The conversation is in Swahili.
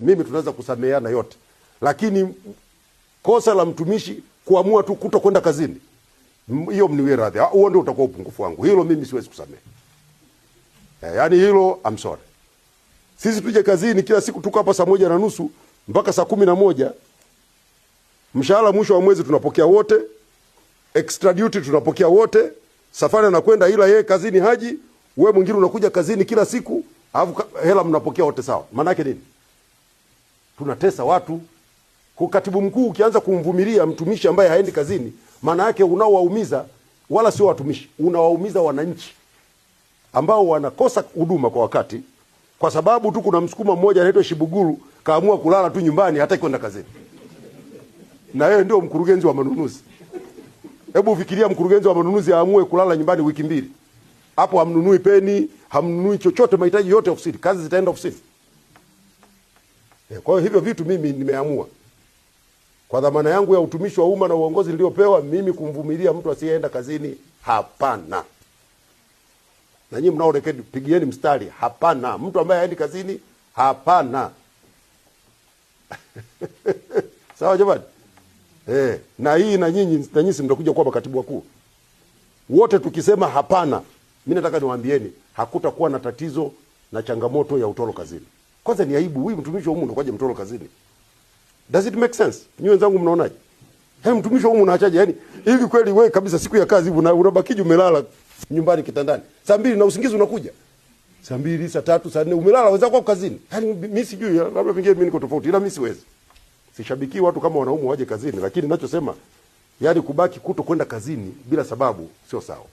mimi tunaweza kusameheana yote, lakini kosa la mtumishi kuamua tu kuto kwenda kazini, hiyo mniwe radhi, ah, huo ndio utakuwa upungufu wangu. Hilo mimi siwezi kusamehe, yaani hilo I'm sorry. Sisi tuje kazini kila siku, tuko hapa saa moja na nusu mpaka saa kumi na moja mshahara mwisho wa mwezi tunapokea wote, extra duty tunapokea wote, safari anakwenda, ila yeye kazini haji. Wewe mwingine unakuja kazini kila siku, alafu hela mnapokea wote sawa, maana yake nini? tunatesa watu. Katibu mkuu ukianza kumvumilia mtumishi ambaye haendi kazini, maana yake unaowaumiza wala sio watumishi, unawaumiza wananchi ambao wanakosa huduma kwa wakati, kwa sababu tu kuna msukuma mmoja anaitwa Shibuguru kaamua kulala tu nyumbani, hataki kwenda kazini, na yeye ndio mkurugenzi wa manunuzi. Hebu fikiria mkurugenzi wa manunuzi aamue kulala nyumbani wiki mbili, hapo hamnunui peni, hamnunui chochote, mahitaji yote ofisini, kazi zitaenda ofisini. Eh, kwa hiyo hivyo vitu mimi nimeamua kwa dhamana yangu ya utumishi wa umma na uongozi niliopewa, mimi kumvumilia mtu asiyeenda kazini hapana. Na nyinyi mnaorekodi, pigieni mstari hapana, mtu ambaye haendi kazini hapana. Sawa jamani eh, na hii na nyinyi na nyinyi mtakuja kuwa makatibu wakuu wote, tukisema hapana, mimi nataka niwaambieni hakutakuwa na tatizo na changamoto ya utoro kazini. Kwanza ni aibu, huyu mtumishi wa Mungu anakuja mtoro kazini. Does it make sense? Nyinyi wenzangu mnaonaje? Hey, mtumishi wa Mungu unaachaje? Yaani hivi kweli wewe kabisa siku ya kazi una, unabakiji umelala nyumbani kitandani. Saa mbili na usingizi unakuja. Saa mbili, saa tatu, saa nne umelala wenzako kwa kazini. Yaani mimi sijui labda pengine mimi niko tofauti ila mimi siwezi. Sishabikii watu kama wanaume waje kazini, lakini ninachosema yaani kubaki kuto kwenda kazini bila sababu sio sawa.